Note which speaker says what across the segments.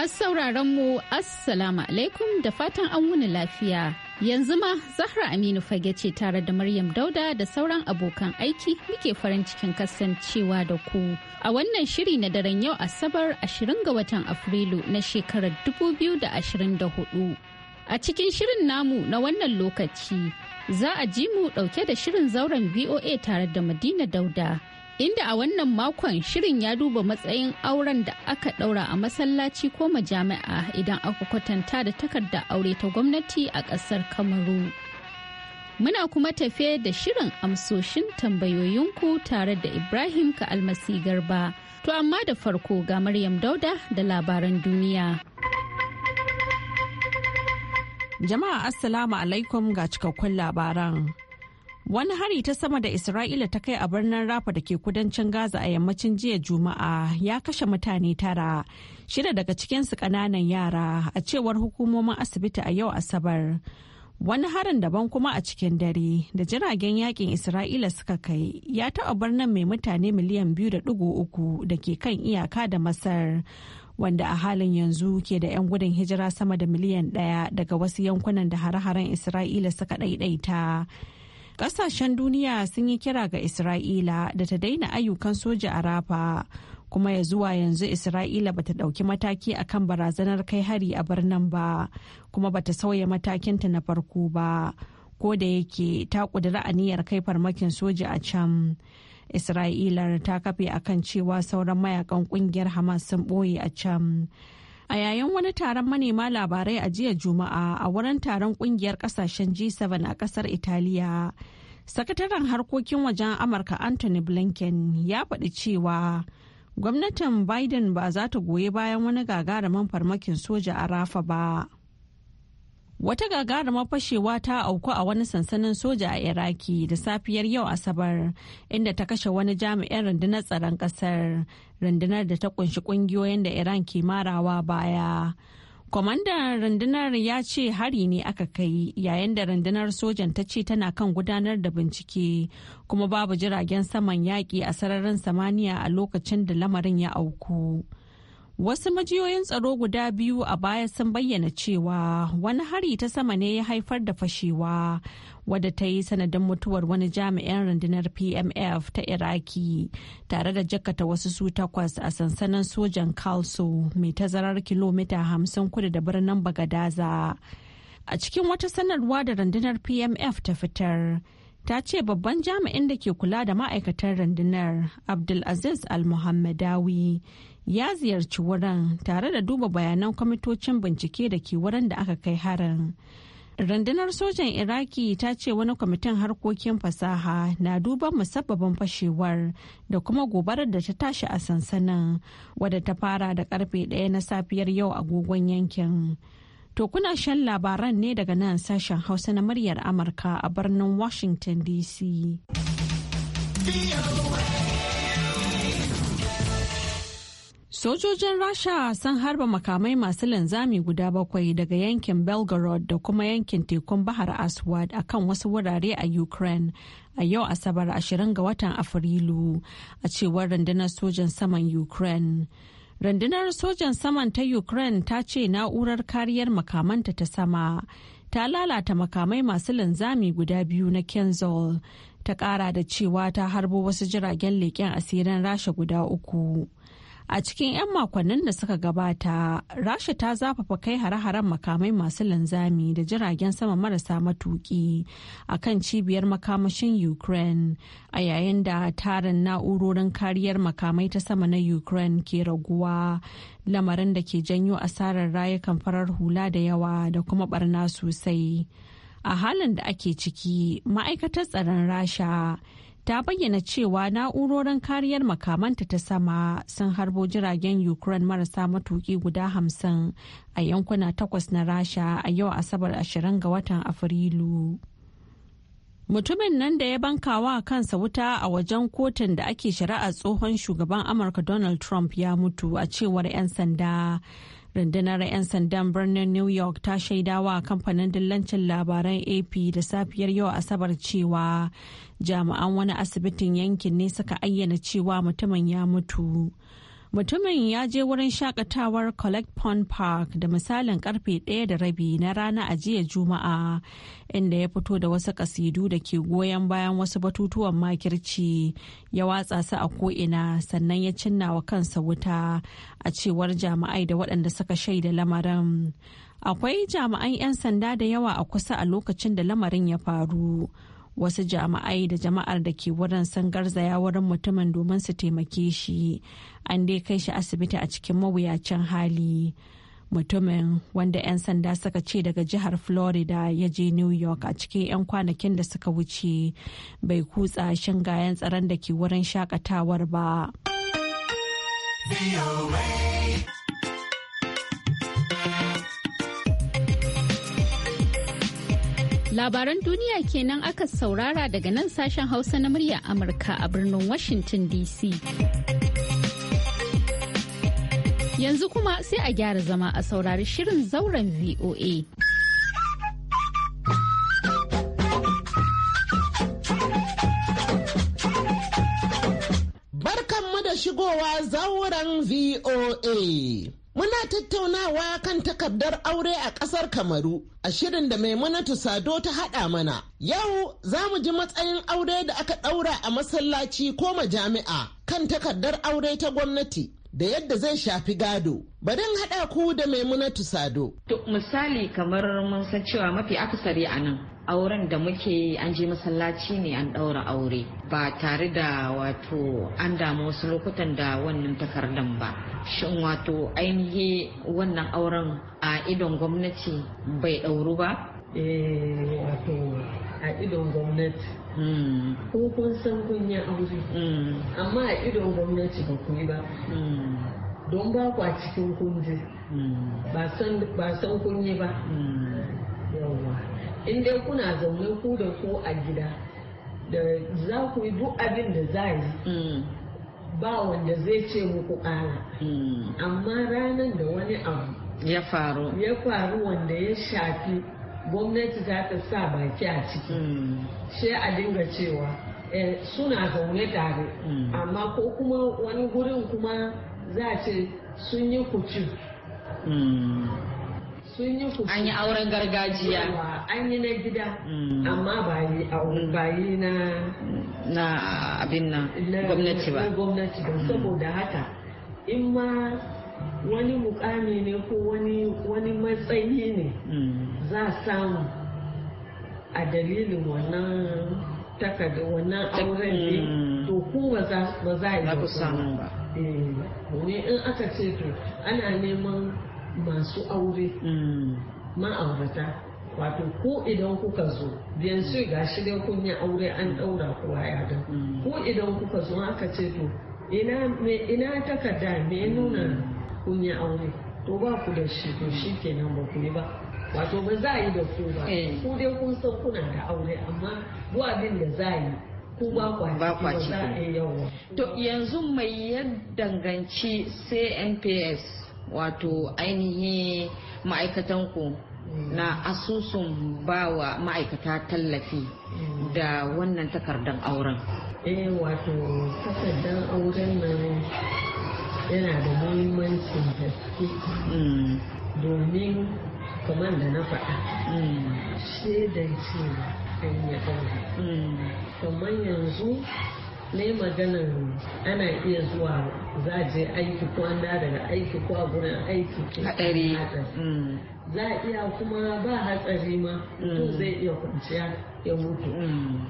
Speaker 1: Masu sauraron mu Assalamu alaikum da fatan an wuni lafiya. Yanzu ma Zahra Aminu fage ce tare da Maryam Dauda da sauran abokan aiki muke farin cikin kasancewa da ku. A wannan shiri na daren yau Asabar 20 ga watan Afrilu na shekarar 2024. A cikin shirin namu na wannan lokaci za a ji mu dauke da shirin zauren VOA tare da Madina Dauda. inda a wannan makon shirin ya duba matsayin auren da aka ɗaura a masallaci ko majami'a idan aka kwatanta da takardar aure ta gwamnati a ƙasar kamaru muna kuma tafe da shirin amsoshin tambayoyinku tare da ibrahim ka almasi garba to amma da farko ga maryam
Speaker 2: dauda da labaran duniya jama'a assalamu alaikum ga cikakkun labaran Wani hari ta sama da Isra'ila ta kai a birnin Rafa da ke kudancin Gaza a yammacin jiya Juma'a ya kashe mutane tara, shida daga cikinsu ƙananan yara a cewar hukumomin asibiti a yau Asabar. Wani harin daban kuma a cikin dare da jiragen yakin Isra'ila suka kai ya taɓa birnin mai mutane miliyan biyu da dugu uku da ke kan iyaka da Masar. wanda a halin yanzu ke da 'yan gudun hijira sama da miliyan ɗaya daga wasu yankunan da hare-haren Isra'ila suka ɗaiɗaita. kasashen duniya sun yi kira ga Isra'ila da ta daina ayyukan soja a Rafa, kuma ya zuwa yanzu Isra'ila bata ɗauki mataki akan barazanar kai hari a birnin ba, kuma bata sauya matakinta na farko ba. Ko da yake ta ƙudiri aniyar kai farmakin soja a can. Isra'ilar ta kafe akan cewa sauran mayakan kungiyar Hamas sun ɓoye a can. a yayin wani taron manema labarai a jiya juma'a a wurin taron kungiyar kasashen g7 a kasar italiya sakataren harkokin wajen amurka anthony blinken ya faɗi cewa gwamnatin biden ba za ta goyi bayan wani gagarumin farmakin soja a rafa ba Wata gagarumar fashewa ta auku a wani sansanin soja a Iraki da safiyar yau Asabar, inda ta kashe wani jami'in rundunar tsaron ƙasar, rundunar da ta kunshi ƙungiyoyin da Iran ke marawa baya. Kwamandan rundunar ya ce hari ne aka kai yayin da rundunar sojan ta ce tana kan gudanar da bincike kuma babu jiragen saman yaƙi a sararin samaniya a lokacin da lamarin ya auku. Wasu majiyoyin tsaro guda biyu a baya sun bayyana cewa wani hari ta sama ne ya haifar da fashewa wadda ta yi sanadin mutuwar wani jami'in rundunar PMF ta Iraki tare da jakata wasu su takwas a sansanin sojan Kalso mai tazarar kilomita hamsin kudu da birnin Bagadaza. A cikin wata sanarwa da rundunar PMF ta fitar. ta ce babban jami'in da ke kula da ma'aikatan rundunar abdulaziz al-muhammadawi ya ziyarci wurin tare da duba bayanan kwamitocin bincike da ke wurin da aka kai harin. Rundunar sojan Iraki ta ce wani kwamitin harkokin fasaha na duban musabbabin fashewar da kuma gobarar da ta tashi a sansanin wadda ta fara da karfe ɗaya na safiyar yau agogon yankin. To kuna shan labaran ne daga nan sashen Hausa na muryar Amurka a birnin Washington DC. Sojojin Rasha sun harba makamai masu linzami guda bakwai daga yankin Belgorod da kuma yankin tekun Bahar Aswad a kan wasu wurare a Ukraine a yau Asabar 20 ga watan Afrilu a cewar rundunar sojan saman Ukraine. Rundunar sojan saman ta Ukraine ta ce na'urar kariyar makamanta ta sama ta lalata makamai masu linzami guda biyu na Kenzol ta kara da cewa ta harbo wasu jiragen leƙen asirin Rasha guda uku. a cikin 'yan makonnin da suka gabata rasha ta zafafa kai hare-haren makamai masu linzami da jiragen sama marasa matuki a kan cibiyar makamashin ukraine a yayin da tarin na'urorin kariyar makamai ta sama na ukraine ke raguwa lamarin da ke janyo asarar rayukan farar hula da yawa da kuma barna sosai a halin da ake ciki ma'aikatar tsaron rasha ta bayyana cewa na'urorin kariyar makamanta ta sama sun harbo jiragen ukraine marasa matuki guda hamsin a yankuna takwas na rasha a yau asabar 20 ga watan afrilu mutumin nan da ya bankawa kansa wuta a wajen kotun da ake shari'a tsohon shugaban amurka donald trump ya mutu a cewar 'yan sanda rundunar 'yan sandan birnin new york ta shaidawa kamfanin dillancin labaran ap da safiyar yau asabar cewa jami'an wani asibitin yankin ne suka ayyana cewa mutumin ya mutu. Mutumin ya je wurin shakatawar Collect Pond Park da misalin karfe ɗaya da rabi na rana a jiya Juma'a inda ya fito da wasu kasidu da ke goyon bayan wasu batutuwan makirci ya watsa su a ko'ina sannan ya cinna wa kansa wuta a cewar jami'ai da waɗanda suka shaida lamarin. Akwai jami'an 'yan sanda da yawa a kusa a lokacin da lamarin ya faru. wasu jami'ai da jama'ar da ke wurin sun garzaya wurin mutumin domin su taimake shi an dai kai shi asibiti a cikin mawuyacin hali mutumin wanda 'yan sanda suka ce daga jihar florida ya je new york a cikin 'yan kwanakin da suka wuce bai kutsa shingayen tsaron da ke wurin shakatawar ba.
Speaker 1: Labaran duniya kenan aka saurara daga nan sashen Hausa na murya Amurka a birnin Washington DC. Yanzu kuma sai a gyara zama a saurari shirin zauren VOA.
Speaker 3: Barkanmu da shigowa zauren VOA. Muna tattaunawa kan takardar aure a ƙasar Kamaru a shirin da Maimunatu Sado ta haɗa mana. Yau za mu ji matsayin aure da aka ɗaura a masallaci ko majami'a kan takardar aure ta gwamnati. da yadda zai shafi
Speaker 4: gado. Bari in haɗa ku da Maimunatu Sado. misali kamar mun san cewa mafi akasari a nan auren da muke an je masallaci ne an ɗaura aure ba tare da wato an damu wasu lokutan da wannan takardan ba. Shin wato ainihi wannan auren a idon gwamnati bai ɗauru ba?
Speaker 5: wato
Speaker 4: a idon gwamnati ko kun san kun
Speaker 5: yi aure amma a idon gwamnati ba ku yi ba don ba ku a cikin kunji ba san kun yi ba yawa in dai kuna zaune ku da ko a gida da za ku yi duk abin da za yi ba wanda zai ce muku kara. amma ranar da wani abu
Speaker 4: ya faru
Speaker 5: ya faru wanda ya shafi gwamnati za ta sa baki a ciki hmm. sai a dinga cewa eh, suna zaune tare hmm. amma ko kuma wani gurin kuma za a ce sun yi kucin hmm.
Speaker 4: sun yi kuci an yi auren gargajiya an yi na gida amma ba yi ba yi na na abin nan gwamnati ba
Speaker 5: gwamnati ba saboda haka in ma wani mukami ne ko wani matsayi ne mm. za samu a dalilin wannan takarda wannan auren ne mm. to ku ba za a yi samu ba eh, ne in aka ce to ana neman masu aure mm. ma'aurata wato ko idan kuka zo yanzu ga shi dai kun yi aure an daura kowa ya ga ko idan kuka zo aka ce to ina takarda me nuna kun yi aure to ba ku da shi to shi kenan ba ku yi ba wato ba za a yi da ku ba eh. ku dai kun san kuna da aure amma bu abin da za a yi ku ba ku ba za a yi yawa
Speaker 4: to yanzu mai ya danganci cnps wato ainihin ma'aikatan ku hmm. na asusun bawa ma'aikata tallafi hmm. da wannan takardar auren eh
Speaker 5: wato takardar auren nan yana da muhimmancin gaske mm. domin kamar da na faɗa mm. shaidan cewa an yi aure mm. kamar yanzu ne maganar ana iya zuwa za a je aiki ko an da daga aiki ko a gurin aiki ke za a iya kuma ba hatsari ma to zai iya kwanciya ya mutu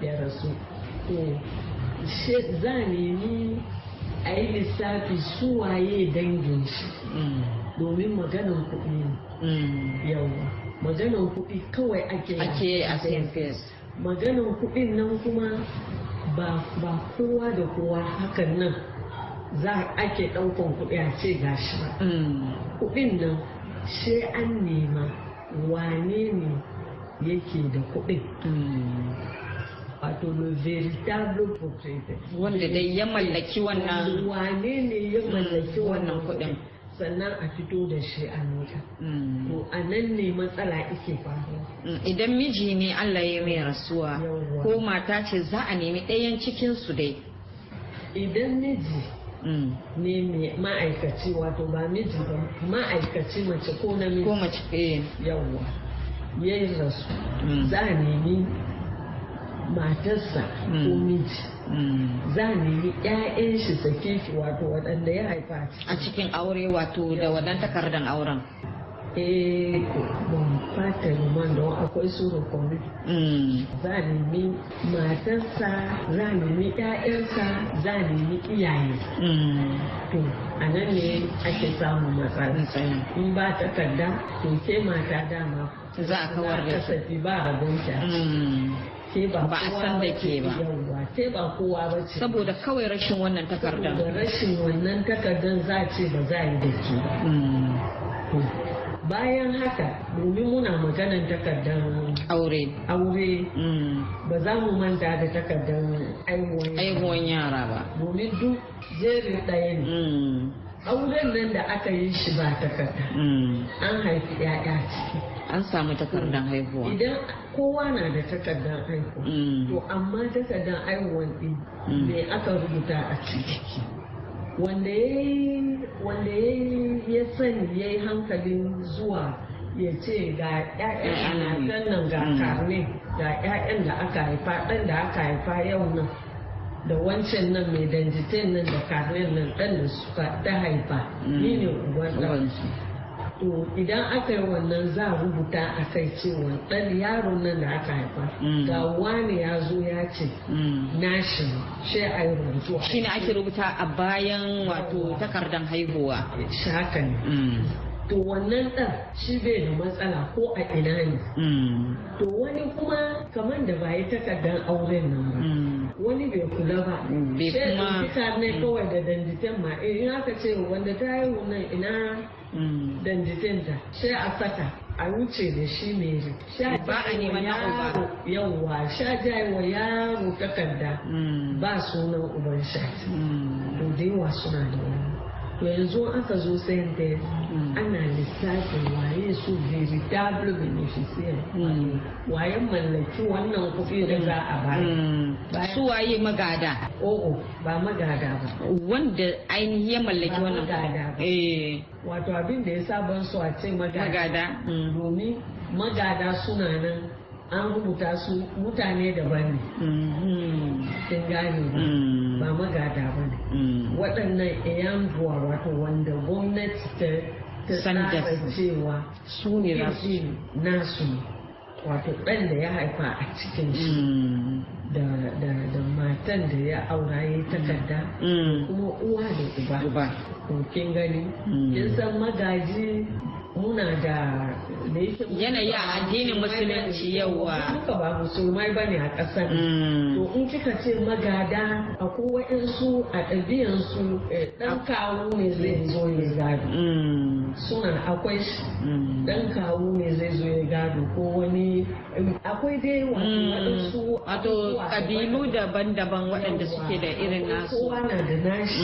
Speaker 5: ya rasu to za a nemi a yi lissafi su waye dangin shi mm. domin maganin kuɗi mm. yawa maganan kuɗi kawai ake a Maganin kuɗin nan kuma ba kowa da kowa hakan nan za ake ɗaukan kuɗi a ce gashi ba mm. kuɗin nan shi an nema wane ne yake da kuɗi. wato le véritable propriétaire wanda dai ya mallaki wannan wane
Speaker 4: ne ya mallaki mm. wannan kuɗin sannan a fito da shi a mota mm. to a nan ne matsala ike faruwa mm, idan miji ne Allah ya mai rasuwa ko mata ce za a nemi ɗayan cikin su dai
Speaker 5: idan miji ne ma'aikaci wato ba miji ba ma'aikaci mace ko na ko mace eh. yawwa ya yi rasu za a nemi matarsa ko hmm. miji hmm. za mu yi 'ya'yan shi sake shi wato waɗanda ya haifa a
Speaker 4: cikin aure wato da waɗanda takardar auren
Speaker 5: eh ban fata don akwai su rukuni mm. za a nemi matarsa za a nemi ƴaƴansa za a nemi iyaye mm. to a nan ne ake samun matsala in ba takarda to ke mata dama za a kawar da kasafi mm. ba a rabonta ba a san da ke ba sai ba kowa ba ce saboda
Speaker 4: kawai rashin wannan takardar
Speaker 5: rashin wannan takardar za a ce ba za a yi da ke bayan haka domin muna maganan takardar aure aure mm. ba za mu manta da takardar aihuwan yara ba domin duk jerin ɗayan mm. auren nan da aka yi
Speaker 4: shi ba takarda mm.
Speaker 5: an haifi ya'ya ciki
Speaker 4: an samu takardar haihuwa idan
Speaker 5: kowa na da takardar haihuwa to amma takardar aihuwan ɗin mai aka rubuta a ciki wanda ya sani ya yi hankalin zuwa ya ce ga 'ya'yan nan ga mm. karni ga 'ya'yan da aka haifa ɗan da aka haifa yau nan da wancan nan mai danjitan nan da karnen nan ɗan da suka ta haifa mm. ni ne uban to idan aka yi wannan za a rubuta a kai cewa ɗan yaro
Speaker 4: nan da aka haifa mm. ga wani ya zo ya ce mm. nashi shi a yi rubutu shi ne ake rubuta a bayan wato takardar haihuwa shi haka ne mm. to wannan ɗan shi bai da matsala ko a ina ne mm.
Speaker 5: to wani kuma kamar da ba takardar auren nan ba mm. wani bai kula ba mm, sai kuma ne kawai da danditen ma eh, in aka ce wanda ta yi wannan ina danditan ta sai a saka a wuce da shi mai sha ba a neman yaro yawwa sha jai wa yaro takarda ba sunan uban shi. to suna da wani to yanzu aka zo sayan da mm. ana lissafin waye su veritable beneficiary mm. waye mallaki wannan kuɗi da za a ba mm. su waye magada o'o ba magada ba wanda
Speaker 4: ainihi ya mallaki wannan ba
Speaker 5: eh. wato abin da ya sabon su a ce magada domin magada suna nan an rubuta su mutane daban ne mm-hmm. kin gane mm. ba magada ba ne mm. waɗannan iyambuwa wato wanda gwamnati ta tsara cewa su ne nasu wato ɗan da ya haifa a cikin shi mm. da matan da ya aura ya yi takarda kuma uwa da uba kin gani kin san magaji muna da
Speaker 4: yanayi a addinin musulunci
Speaker 5: yauwa muka ba musulmai bane a ƙasar mm. to in kika ce magada a kowayen su a ɗabi'an su dan eh, kawo ne zai zo ya gado mm. sunan akwai dan mm. kawo ne zai zo ya gado ko wani
Speaker 4: eh, akwai dai
Speaker 6: waɗansu
Speaker 4: wato ƙabilu daban-daban waɗanda suke da irin nasu kowa
Speaker 5: na da nashi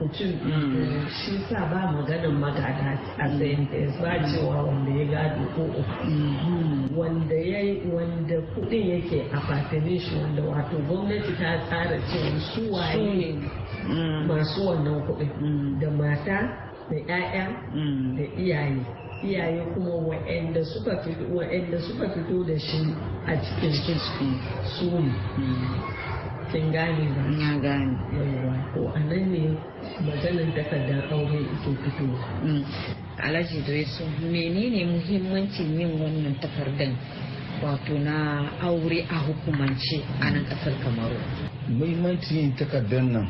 Speaker 5: mutum eh, shi sa ba maganin magana a sayan ba cewa wanda ya gado ko mm-hmm. wanda ya wanda kudin yake a fatinin wanda wato gwamnati ta tsara cewa su waye mm. masu wannan kudin mm. da mata da 'ya'ya mm. da iyaye iyaye kuma wa'anda suka fito da shi a cikin su ne kin gane ba na gane Yawwa. ko anan ne maganin takardar aure ke fito. Mm.
Speaker 4: alhaji dresu menene muhimmancin yin wannan takardar wato na aure a hukumance a nan kasar kamaru
Speaker 6: muhimmancin yin takardar nan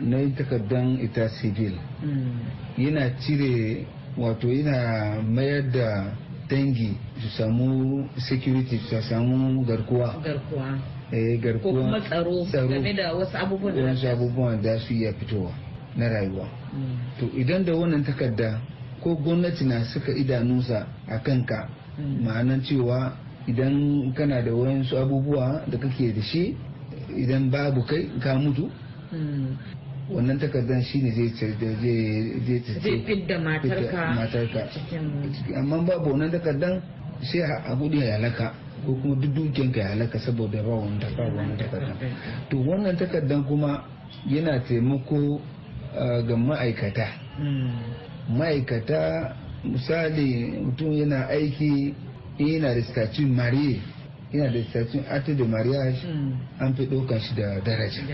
Speaker 6: na yin takardar ita civil mm. yana cire wato yana mayar da dangi su samu security su samu garkuwa Eh, ko kuma
Speaker 4: tsaro game da wasu abubuwan da wasu
Speaker 6: abubuwan da su iya fitowa na rayuwa hmm. to idan da wannan takarda ko gwamnati na suka idanunsa a kanka hmm. ma'anan cewa idan kana da wayansu abubuwa da kake da shi idan babu kai ka mutu hmm. wannan takardar shi ne zai
Speaker 4: fidda matarka
Speaker 6: amma babu wannan takardar sai a gudu halaka ko kuma duk kai ya halaka saboda ba wani takarda to wannan takardan kuma yana taimako ah, ga ma'aikata hmm. ma'aikata misali mutum yana aiki yana da statin mariya yana da statin arte da mariage hmm. an fi ɗaukar shi da daraja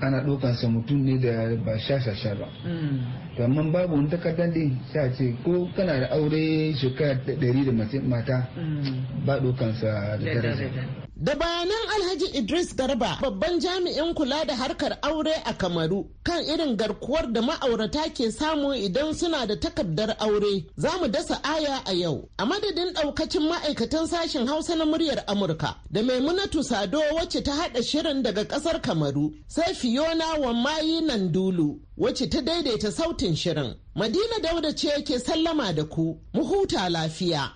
Speaker 6: ana ɗaukansa mutum ne da ba shashasha ba mm. to amma babu wani takardar din sai ce ko kana da aure shekara ɗari da mata mm. ba ɗaukansa da daraja
Speaker 3: Da bayanan Alhaji Idris Garba babban jami'in kula da harkar aure a Kamaru kan irin garkuwar da ma'aurata ke samu idan suna da takardar aure za mu dasa aya a yau. A madadin ɗaukacin ma'aikatan sashen Hausa na muryar Amurka da Maimunatu Sado wacce ta haɗa shirin daga ƙasar Kamaru sai Fiona Wammayi Nandulu wacce ta daidaita sautin shirin. Madina Dauda ce ke sallama da ku, mu huta lafiya.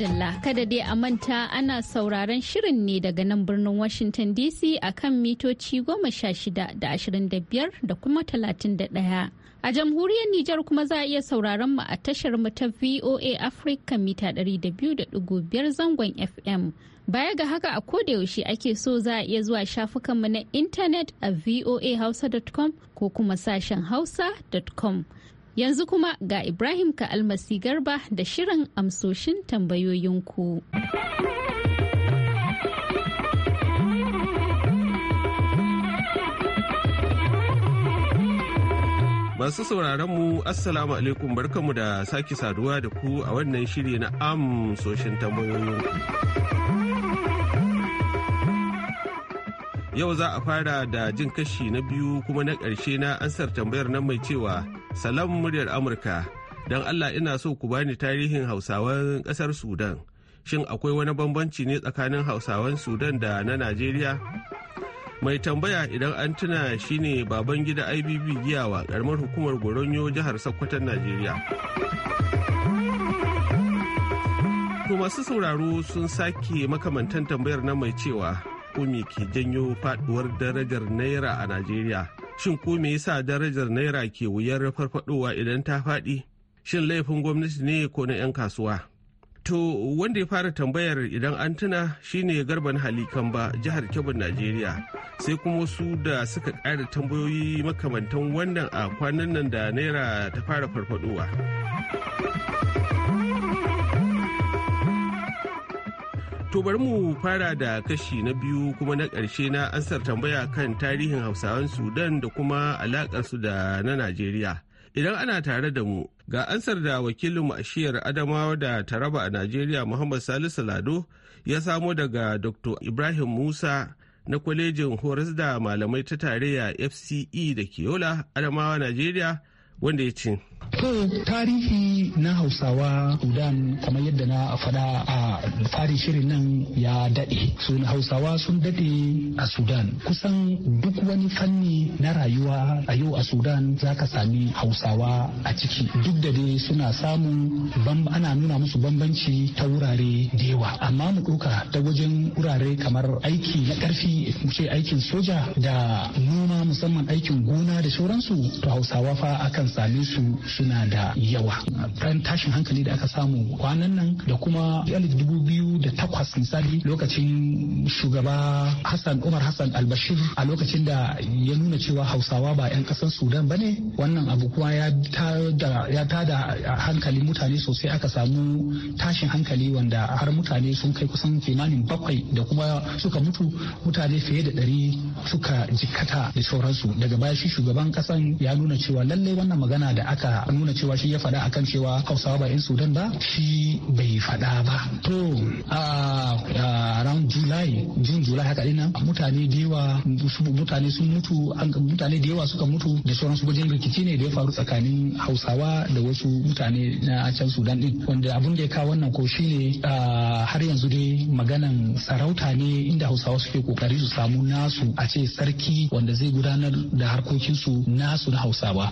Speaker 1: madalla kada dai a manta ana sauraron shirin ne daga nan birnin Washington DC a kan mitoci goma sha shida da ashirin da biyar da kuma talatin da ɗaya. A jamhuriyar Nijar kuma za a iya sauraron mu a tashar mu ta VOA Africa mita da biyar zangon FM. Baya ga haka a yaushe ake so za a iya zuwa shafukanmu na intanet a voahausa.com ko kuma sashen hausa.com. Yanzu kuma ga Ibrahim ka almasi garba da shirin amsoshin tambayoyinku.
Speaker 7: Masu sauraron mu Assalamu alaikum barkamu da sake saduwa da ku a wannan shiri na amsoshin tambayoyinku. Yau za a fara da jin kashi na biyu kuma na ƙarshe na ansar tambayar nan mai cewa Salam muryar Amurka, don Allah ina so ku bani tarihin Hausawan ƙasar Sudan. Shin akwai wani bambanci ne tsakanin Hausawan Sudan da na Najeriya? Mai tambaya idan an tuna shine baban gida IBB giyawa ƙaramar hukumar Goronyo jihar Sokoton Najeriya. To masu sauraro sun sake makamantan tambayar na mai cewa ko ke janyo faduwar darajar naira a Najeriya? Shin ko me yasa darajar Naira ke wuyar farfadowa idan ta faɗi? Shin laifin gwamnati ne ko na 'yan kasuwa? To wanda ya fara tambayar idan an tuna shine garban ba jihar Kebbi Najeriya sai kuma wasu da suka ƙara tambayoyi makamantan wannan a kwanan nan da naira ta fara farfadowa. To bari mu fara da kashi na biyu kuma na ƙarshe na ansar tambaya kan tarihin Hausawan Sudan da kuma alaƙarsu da na Najeriya. Idan ana tare da mu, ga ansar da wakilin ashiyar Adamawa da Taraba a Najeriya Muhammad Salisu Lado ya samo daga Dr. Ibrahim Musa na kwalejin horas da malamai ta tarayya FCE da Keola Adamawa Najeriya wanda ya ce
Speaker 8: So, tarihi na Hausawa Sudan kamar yadda na faɗa a tsarin shirin nan ya daɗe. So, Hausawa sun daɗe a Sudan. Kusan duk wani fanni na rayuwa a yau a Sudan za ka sami Hausawa a ciki. Duk da dai suna samun ana nuna musu bambanci ta wurare da yawa. Amma mu ɗauka ta wajen wurare kamar aiki na ƙarfi mu ce aikin soja da noma musamman aikin gona da sauransu to Hausawa fa akan same su suna da yawa ran tashin hankali da aka samu kwanan nan da kuma dubu biyu da takwas misali lokacin shugaba hassan umar hassan albashir a lokacin da ya nuna cewa hausawa ba 'yan kasar sudan ba ne wannan abu kuma ya ta da hankali mutane sosai aka samu tashin hankali wanda har mutane sun kai kusan kimanin bakwai da kuma suka mutu mutane fiye da ɗari suka jikkata da sauransu daga baya shi shugaban kasan ya nuna cewa lallai wannan magana da aka nuna cewa shi ya faɗa akan cewa hausawa ba 'yan sudan ba shi bai faɗa ba to a ran julai jun julai haka dina mutane da yawa mutane sun mutu mutane da yawa suka mutu da sauran su wajen rikici ne da ya faru tsakanin hausawa da wasu mutane na can sudan din wanda abun da ya kawo wannan ko shi ne har yanzu dai maganan sarauta ne inda hausawa suke kokari su samu nasu a ce sarki wanda zai gudanar da harkokinsu nasu na hausawa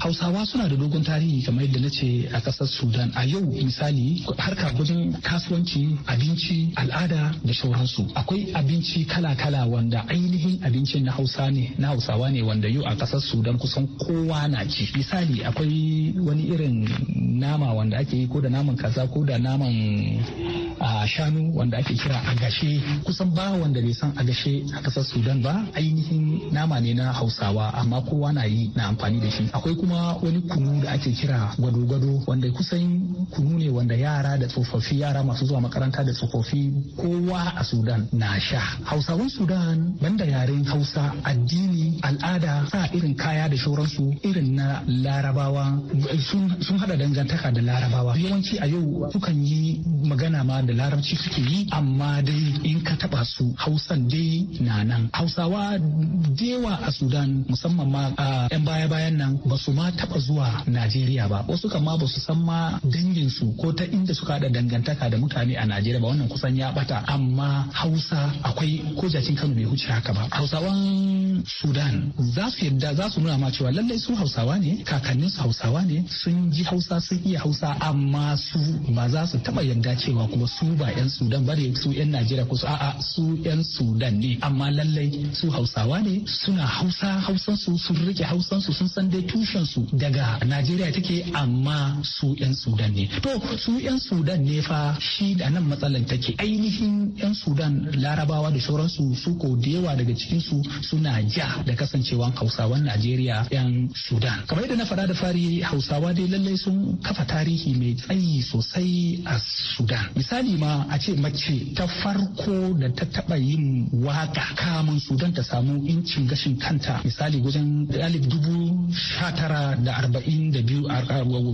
Speaker 8: hausawa suna da dogon tarihi kamar yadda na ce a ƙasar sudan a yau misali harka gudun kasuwanci abinci al'ada da sauransu akwai abinci kala-kala wanda ainihin abincin na hausa ne na hausawa ne wanda yau a ƙasar sudan kusan kowa na ci misali akwai wani irin nama wanda ake yi ko da naman kaza ko da naman a shanu wanda ake kira gashe kusan ba wanda bai san agashe a kasar sudan ba ainihin nama ne na hausawa amma kowa na yi na amfani da shi akwai kuma wani kunu da ake kira gwado-gwado wanda kusan kunu ne wanda yara da tsofaffi yara masu zuwa makaranta da tsofaffi kowa a sudan na sha hausawan sudan banda yaren hausa addini al'ada sa irin kaya da shauransu irin na larabawa sun hada dangantaka da larabawa yawanci a yau sukan yi magana ma da larabci suke yi amma dai in ka taba su hausan dai na nan hausawa dewa a sudan musamman ma a yan baya bayan nan ba su ma taba zuwa najeriya ba wasu kama ba su san ma dangin su ko ta inda suka da dangantaka da mutane a najeriya ba wannan kusan ya bata amma hausa akwai ko jacin kano bai huce haka ba hausawan sudan za su yadda za su nuna ma cewa lallai su hausawa ne kakannin su hausawa ne sun ji hausa sun iya hausa amma su ba za su taba yadda cewa kuma su ba 'yan sudan ba ne su 'yan najeriya ko su a'a su 'yan sudan ne amma lallai su hausawa ne suna hausa hausansu sun rike hausansu sun san dai tushensu daga najeriya take amma su 'yan sudan ne to su 'yan sudan ne fa shi da nan matsalan take ainihin 'yan sudan larabawa da shoransu su ko da yawa daga su suna ja da kasancewan hausawan najeriya 'yan sudan kamar yadda na fara da fari hausawa dai lallai sun kafa tarihi mai tsayi sosai a sudan misali misali ma a ce mace ta farko da ta taba yin waka kamun sudan ta samu incin gashin kanta misali wajen alif dubu sha tara da arba'in da biyu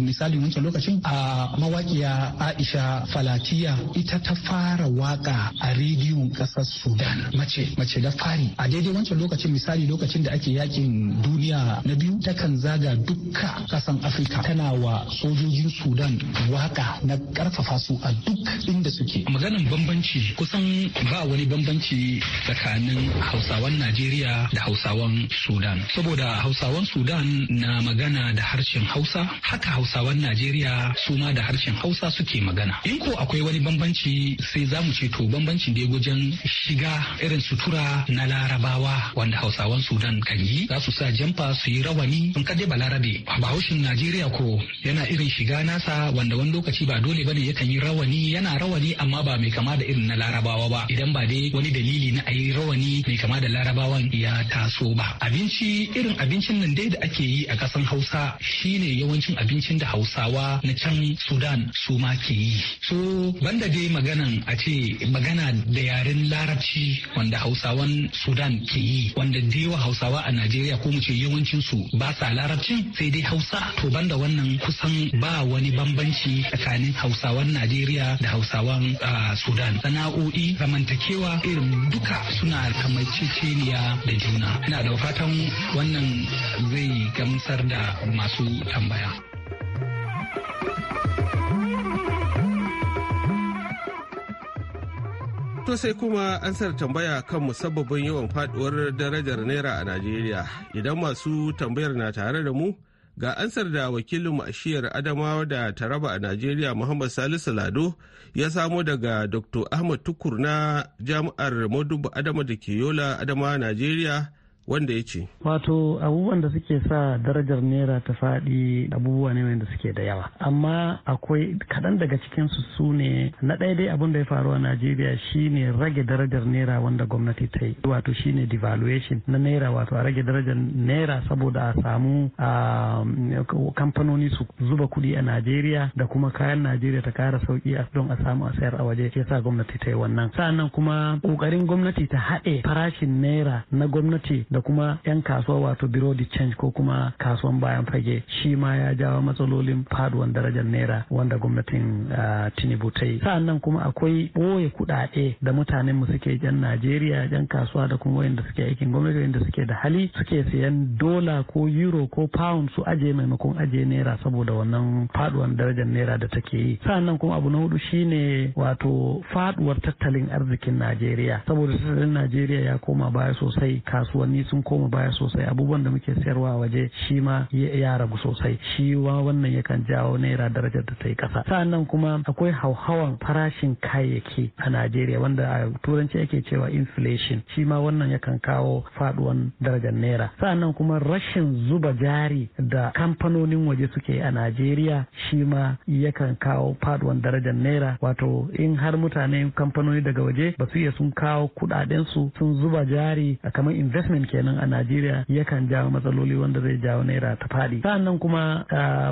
Speaker 8: misali wancan lokacin a mawakiya aisha falatiya ita ta fara waka a rediyon kasar sudan mace mace da fari a daidai wancan lokacin misali lokacin da ake yakin duniya na biyu ta takan zaga duka kasan afirka tana wa sojojin sudan waka na karfafa su a duk in da suke maganin bambanci kusan ba wani bambanci tsakanin hausawan najeriya da hausawan sudan saboda hausawan sudan na magana da harshen hausa haka hausawan najeriya su ma da harshen hausa suke magana in ko akwai wani bambanci sai za mu ce to bambancin da wajen shiga irin sutura na larabawa wanda hausawan sudan kan yi za su sa jamfa su yi rawani in kadai ba larabe bahaushin najeriya ko yana irin shiga nasa wanda wani lokaci ba dole bane yakan yi rawani yana rawani rawani amma ba mai kama da irin na larabawa ba idan ba dai wani dalili na ayi rawani mai kama da larabawan ya taso ba abinci irin abincin nan dai da ake yi a kasan hausa shine yawancin abincin da hausawa na can sudan su ma ke yi so banda dai maganan a ce magana da yaren larabci wanda hausawan sudan ke yi wanda da yawa hausawa a najeriya ko mu ce yawancin su ba sa larabcin sai dai hausa to banda wannan kusan ba wani bambanci tsakanin hausawan najeriya da hausawa Hausawan Sudan sana'o'i zamantakewa irin duka suna ceceniya da juna ina da fatan wannan zai gamsar da masu tambaya.
Speaker 7: To sai kuma ansar tambaya kan musabbabin yawan faduwar darajar naira a Najeriya. Idan masu tambayar na tare da mu, Ga ansar da wakilin a Adamawa da Taraba a Najeriya Muhammad Salisu Lado ya samo daga Dr. Ahmad Tukur na Jami'ar Modubu Adama da ke Yola Adama Najeriya wanda ya ce
Speaker 9: wato abubuwan da suke sa darajar naira ta faɗi abubuwa ne wanda suke da yawa amma akwai kaɗan daga cikin su su ne na ɗaya dai abin da ya faru a najeriya shine rage darajar naira wanda gwamnati ta yi wato shine devaluation na naira wato a rage darajar naira saboda a samu kamfanoni su zuba kuɗi a najeriya da kuma kayan najeriya ta kara sauki don a samu a sayar a waje ya sa gwamnati ta yi wannan sa'annan kuma ƙoƙarin gwamnati ta haɗe farashin naira na gwamnati da kuma 'yan kasuwa wato biro di change ko kuma kasuwan bayan fage shi ma ya jawo matsalolin faduwan darajar naira wanda gwamnatin ah, tinubu ta yi nan kuma akwai ɓoye kuɗaɗe da mutanen mu suke yan najeriya yan kasuwa da kuma wayanda suke aikin gwamnati da suke da hali suke sayan dola ko euro ko pound su aje maimakon aje naira saboda wannan faduwan darajar naira da take yi sa'annan kuma abu na hudu shine wato faduwar tattalin arzikin najeriya saboda tattalin najeriya ya koma baya sosai kasuwanni yi sun koma baya sosai abubuwan da muke sayarwa waje shi ma ya ragu sosai shi wa wannan yakan jawo naira darajar da ta yi kasa sa'annan kuma akwai hauhawan farashin kayayyaki a najeriya wanda a turanci ake cewa inflation shi ma wannan yakan kawo faduwan darajar naira sa'annan kuma rashin zuba jari da kamfanonin waje suke a najeriya shi ma yakan kawo faduwan darajar naira wato in har mutane kamfanoni daga waje ba su iya sun kawo kudaden su sun zuba jari kamar investment kenan a Najeriya yakan jawo matsaloli wanda zai jawo naira ta fadi. Sa'annan kuma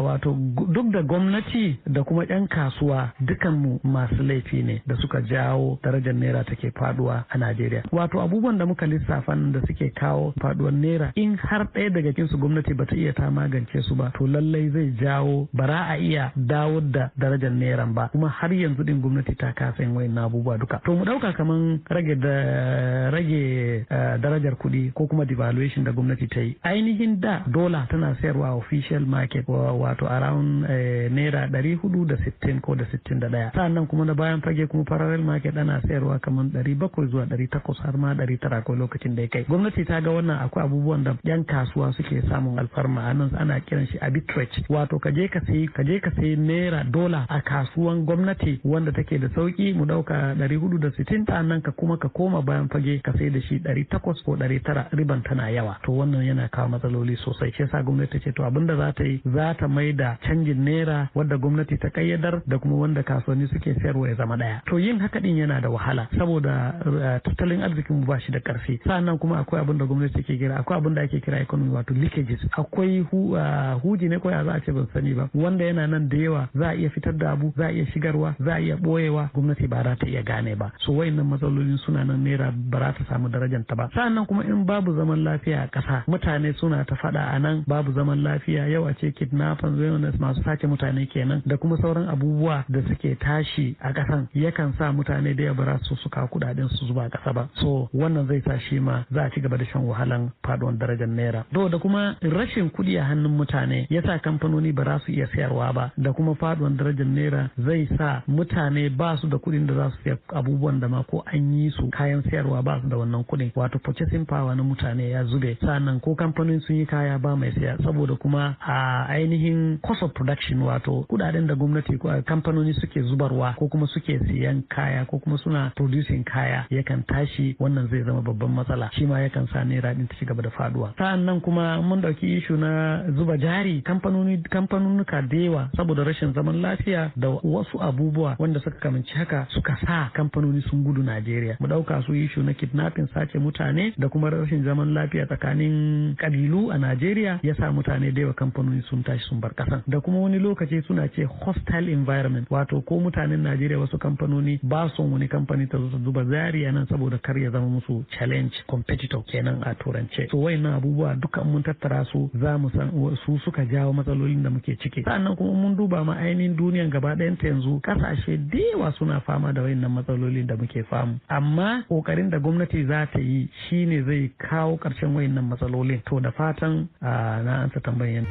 Speaker 9: wato duk da gwamnati da kuma 'yan kasuwa dukan mu masu laifi ne da suka jawo darajar naira take faduwa a Najeriya. Wato abubuwan da muka lissafa da suke kawo faduwar naira in har ɗaya daga su gwamnati bata iya ta magance su ba to lallai zai jawo bara a iya dawo da darajar nairan ba kuma har yanzu din gwamnati ta kasa yin wayan abubuwa duka. To mu ɗauka kaman rage da rage eh, darajar kuɗi ko kuma devaluation da gwamnati ta yi ainihin da dola tana sayarwa official market wato around eh, naira ɗari hudu da sittin ko da sittin da ɗaya sannan kuma na bayan fage kuma parallel market ana sayarwa kamar ɗari bakwai zuwa ɗari takwas har ma ɗari tara ko lokacin da ya kai gwamnati ta ga wannan akwai abubuwan da yan kasuwa suke samun alfarma anan ana kiran shi arbitrage wato ka je ka sayi ka je ka sayi naira dola a kasuwan gwamnati wanda take da sauki mu ɗauka ɗari hudu da sittin sannan ka kuma ka koma bayan fage ka sai da shi ɗari takwas ko ɗari tara riban tana yawa to wannan yana kawo matsaloli sosai shi sa gwamnati ta ce to abin da za ta yi za ta mai da canjin naira wadda gwamnati ta kayyadar da kuma wanda kasuwanni suke sayarwa ya zama daya to yin haka din yana da wahala saboda eh, tattalin arzikin mu ba shi da karfi sannan kuma akwai abinda da gwamnati ke kira akwai abinda da ake kira economy wato leakages akwai eh, huji ne ko ya za a ce ban sani ba wanda yana nan da yawa za a iya fitar da abu za a iya shigarwa za a iya boyewa gwamnati ba za ta iya gane ba so wayannan matsalolin suna nan naira ba za ta samu darajanta ba sannan kuma in babu babu zaman lafiya a ƙasa mutane suna ta faɗa a nan babu zaman lafiya yawa ce kidnapping zuwa masu sace mutane kenan da kuma sauran abubuwa da suke tashi a ƙasan yakan sa mutane da yabara su suka kuɗaɗen su zuba ƙasa ba so wannan zai sa shi ma za a ci gaba da shan wahalan faɗuwar darajar naira to da kuma rashin kuɗi a hannun mutane ya sa kamfanoni ba za su iya sayarwa ba da kuma faɗuwar darajar naira zai sa mutane ba su da kuɗin da za su siya abubuwan da ma ko an yi su kayan sayarwa ba su da wannan kuɗin wato purchasing power na mutane mutane ya zube sannan ko kamfanin sun yi kaya ba mai siya saboda kuma a ainihin cost of production wato kudaden da gwamnati kamfanoni suke zubarwa ko kuma suke siyan kaya ko kuma suna producing kaya yakan tashi wannan zai zama babban matsala shi ma yakan sa naira din ta ci gaba da faduwa sa'annan kuma mun dauki ishu na zuba jari kamfanoni kamfanonuka da yawa saboda rashin zaman lafiya da wasu abubuwa wanda suka kamanci haka suka sa kamfanoni sun gudu Najeriya mu dauka su ishu na kidnapping sace mutane da kuma rashin zaman lafiya tsakanin kabilu a Najeriya ya sa mutane da yawa kamfanoni sun tashi sun bar kasan da kuma wani lokaci suna ce hostile environment wato ko mutanen Najeriya wasu kamfanoni ba son wani kamfani ta zo ta zuba zari nan saboda kar ya zama musu challenge competitor kenan a turance so wayannan abubuwa dukan mun tattara su za mu san su suka jawo matsalolin da muke ciki sannan kuma mun duba ma ainihin duniyan gaba ɗayan ta yanzu kasashe da yawa suna fama da wayannan matsalolin da muke famu amma kokarin da gwamnati za ta yi shine zai kawo ƙarshen wayannan matsalolin to da fatan na ansa tambayan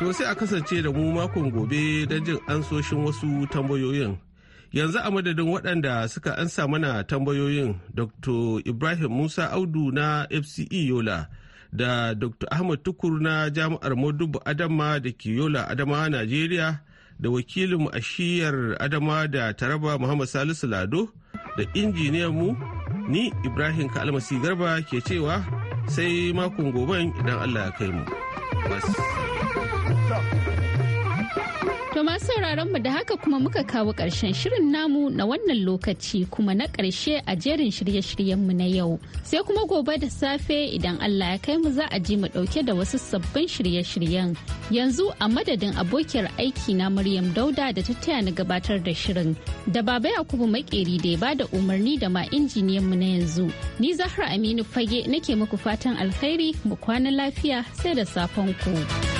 Speaker 7: To sai a kasance da mu makon gobe don jin ansoshin wasu tambayoyin. Yanzu a madadin waɗanda suka ansa mana tambayoyin Dr. Ibrahim Musa Audu na FCE Yola da Dr. Ahmad Tukur na Jami'ar Modubu Adama da ke Yola Adama Najeriya da wakilin a shiyar Adama da Taraba Muhammad Salisu Lado da injiniyan mu ni Ibrahim Kalmasi Garba ke cewa sai makon goben idan Allah ya kai mu. bas
Speaker 1: To masu sauraron mu da haka kuma muka kawo ƙarshen shirin namu na wannan lokaci kuma na ƙarshe a jerin shirye shiryen mu na yau. Sai kuma gobe da safe idan Allah ya kai mu za a ji mu ɗauke da wasu sabbin shirye-shiryen. Yanzu a madadin abokiyar aiki na Maryam Dauda da ta taya ni gabatar da shirin. Da Baba Yakubu Makeri da ya ba da umarni da ma injiniyan mu na yanzu. Ni Zahra Aminu Fage nake muku fatan alkhairi mu kwana lafiya sai da safen ku.